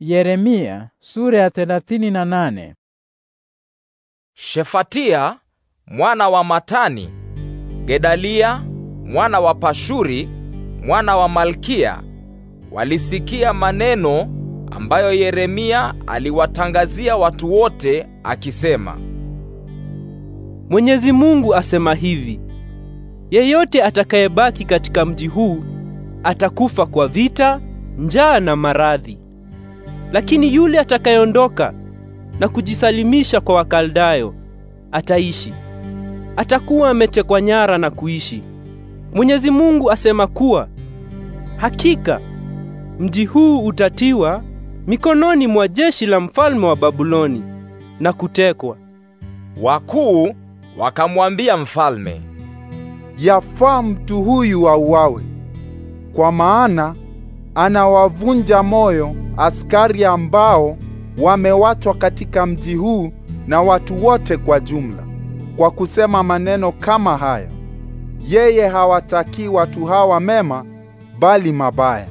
Yeremia sura ya na nane. Shefatia mwana wa Matani, Gedalia mwana wa Pashuri, mwana wa Malkia walisikia maneno ambayo Yeremia aliwatangazia watu wote akisema, Mwenyezi Mungu asema hivi: yeyote atakayebaki katika mji huu atakufa kwa vita, njaa na maradhi. Lakini yule atakayeondoka na kujisalimisha kwa Wakaldayo ataishi, atakuwa ametekwa nyara na kuishi. Mwenyezi Mungu asema kuwa hakika mji huu utatiwa mikononi mwa jeshi la mfalme wa Babuloni na kutekwa. Wakuu wakamwambia mfalme, yafaa mtu huyu auawe, kwa maana Anawavunja moyo askari ambao wamewachwa katika mji huu na watu wote kwa jumla, kwa kusema maneno kama haya. Yeye hawatakii watu hawa mema, bali mabaya.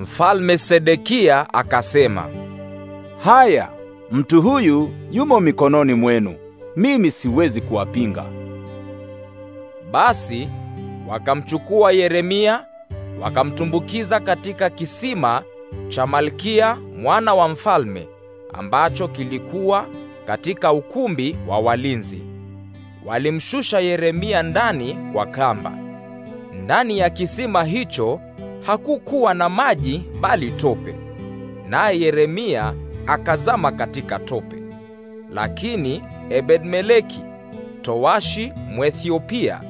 Mfalme Sedekia akasema, haya, mtu huyu yumo mikononi mwenu, mimi siwezi kuwapinga. Basi wakamchukua Yeremia wakamtumbukiza katika kisima cha Malkia mwana wa mfalme ambacho kilikuwa katika ukumbi wa walinzi. Walimshusha Yeremia ndani kwa kamba. Ndani ya kisima hicho hakukuwa na maji bali tope, naye Yeremia akazama katika tope. Lakini Ebedmeleki towashi Mwethiopia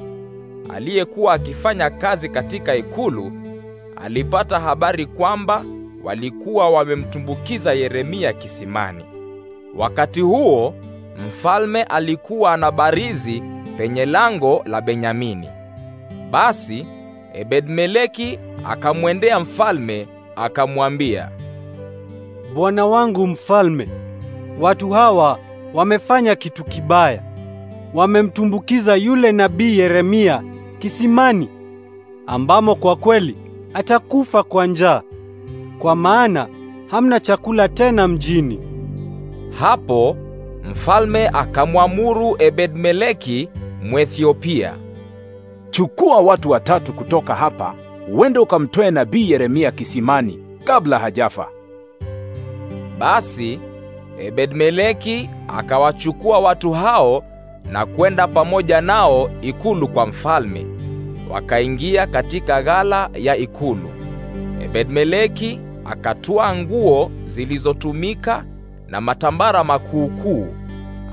aliyekuwa akifanya kazi katika ikulu alipata habari kwamba walikuwa wamemtumbukiza Yeremia kisimani. Wakati huo mfalme alikuwa anabarizi penye lango la Benyamini. Basi Ebedmeleki akamwendea mfalme akamwambia, Bwana wangu mfalme, watu hawa wamefanya kitu kibaya. Wamemtumbukiza yule nabii Yeremia kisimani, ambamo kwa kweli atakufa kwa njaa, kwa maana hamna chakula tena mjini. Hapo mfalme akamwamuru Ebedmeleki Mwethiopia, chukua watu watatu kutoka hapa, uende ukamtoe nabii Yeremia kisimani kabla hajafa. Basi Ebedmeleki akawachukua watu hao na kwenda pamoja nao ikulu kwa mfalme. Wakaingia katika ghala ya ikulu. Ebedmeleki akatua nguo zilizotumika na matambara makuukuu,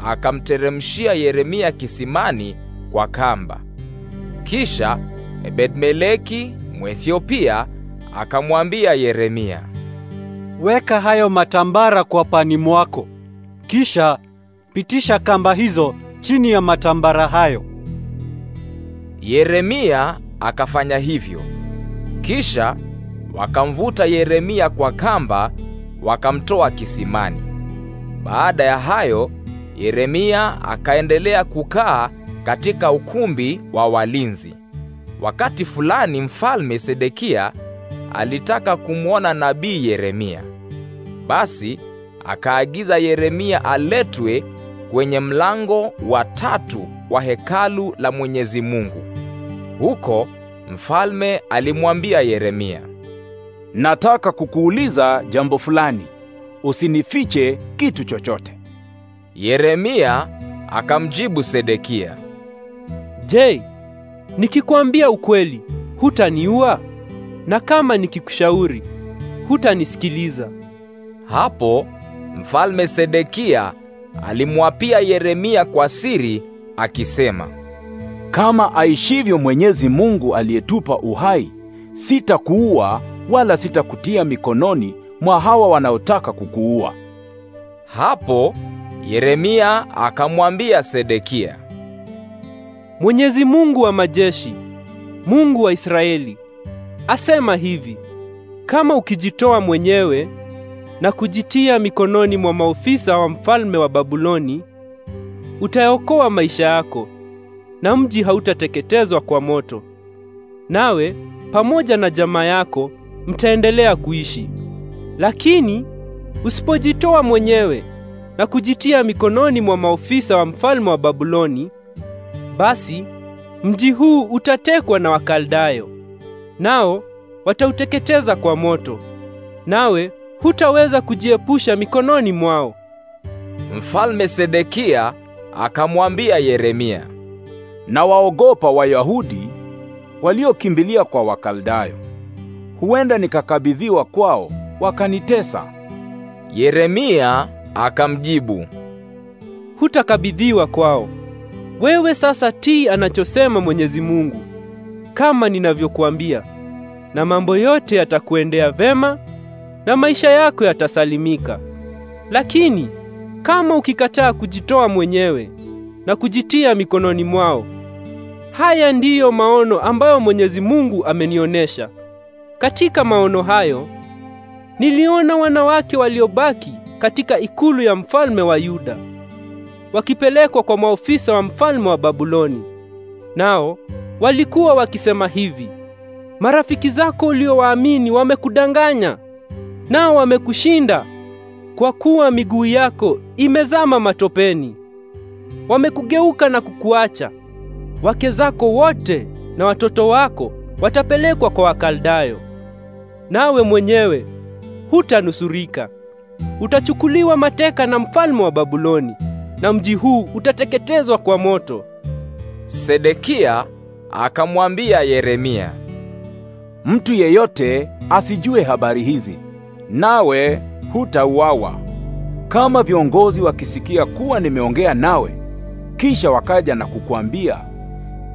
akamteremshia Yeremia kisimani kwa kamba. Kisha Ebedmeleki Mwethiopia akamwambia Yeremia, weka hayo matambara kwa pani mwako, kisha pitisha kamba hizo chini ya matambara hayo. Yeremia akafanya hivyo. Kisha wakamvuta Yeremia kwa kamba, wakamtoa kisimani. Baada ya hayo, Yeremia akaendelea kukaa katika ukumbi wa walinzi. Wakati fulani mfalme Sedekia alitaka kumwona nabii Yeremia. Basi akaagiza Yeremia aletwe kwenye mlango wa tatu wa hekalu la Mwenyezi Mungu. Huko mfalme alimwambia Yeremia, nataka kukuuliza jambo fulani, usinifiche kitu chochote. Yeremia akamjibu Sedekia, Je, nikikwambia ukweli hutaniua? Na kama nikikushauri hutanisikiliza? Hapo mfalme Sedekia alimwapia Yeremia kwa siri akisema, kama aishivyo Mwenyezi Mungu aliyetupa uhai, sitakuua wala sitakutia mikononi mwa hawa wanaotaka kukuua. Hapo Yeremia akamwambia Sedekia, Mwenyezi Mungu wa majeshi, Mungu wa Israeli, asema hivi: kama ukijitoa mwenyewe na kujitia mikononi mwa maofisa wa mfalme wa Babuloni, utayaokoa maisha yako na mji hautateketezwa kwa moto. Nawe pamoja na jamaa yako mtaendelea kuishi. Lakini usipojitoa mwenyewe na kujitia mikononi mwa maofisa wa mfalme wa Babuloni, basi mji huu utatekwa na Wakaldayo, nao watauteketeza kwa moto. Nawe hutaweza kujiepusha mikononi mwao. Mfalme Sedekia akamwambia Yeremia, na waogopa Wayahudi waliokimbilia kwa Wakaldayo, huenda nikakabidhiwa kwao wakanitesa. Yeremia akamjibu, hutakabidhiwa kwao. Wewe sasa tii anachosema Mwenyezi Mungu kama ninavyokuambia, na mambo yote yatakuendea vema na maisha yako yatasalimika. Lakini kama ukikataa kujitoa mwenyewe na kujitia mikononi mwao, haya ndiyo maono ambayo Mwenyezi Mungu amenionesha Katika maono hayo niliona wanawake waliobaki katika ikulu ya mfalme wa Yuda wakipelekwa kwa maofisa wa mfalme wa Babuloni. Nao walikuwa wakisema hivi: marafiki zako uliowaamini wamekudanganya nao wamekushinda, kwa kuwa miguu yako imezama matopeni. Wamekugeuka na kukuacha, wake zako wote na watoto wako watapelekwa kwa Wakaldayo, nawe mwenyewe hutanusurika. Utachukuliwa mateka na mfalme wa Babuloni, na mji huu utateketezwa kwa moto. Sedekia akamwambia Yeremia, mtu yeyote asijue habari hizi nawe hutauawa. Kama viongozi wakisikia kuwa nimeongea nawe, kisha wakaja na kukuambia,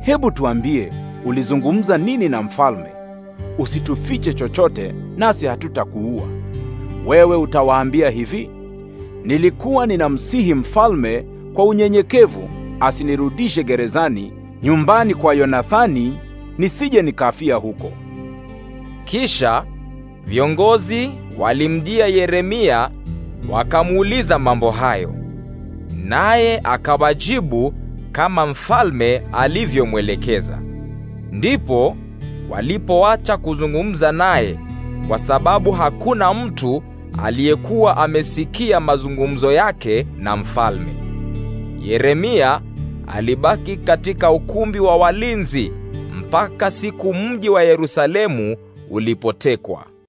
hebu tuambie ulizungumza nini na mfalme, usitufiche chochote, nasi hatutakuua. Wewe utawaambia hivi, nilikuwa ninamsihi mfalme kwa unyenyekevu asinirudishe gerezani nyumbani kwa Yonathani nisije nikafia huko. Kisha viongozi walimjia Yeremia wakamuuliza mambo hayo, naye akawajibu kama mfalme alivyomwelekeza. Ndipo walipoacha kuzungumza naye, kwa sababu hakuna mtu aliyekuwa amesikia mazungumzo yake na mfalme. Yeremia alibaki katika ukumbi wa walinzi mpaka siku mji wa Yerusalemu ulipotekwa.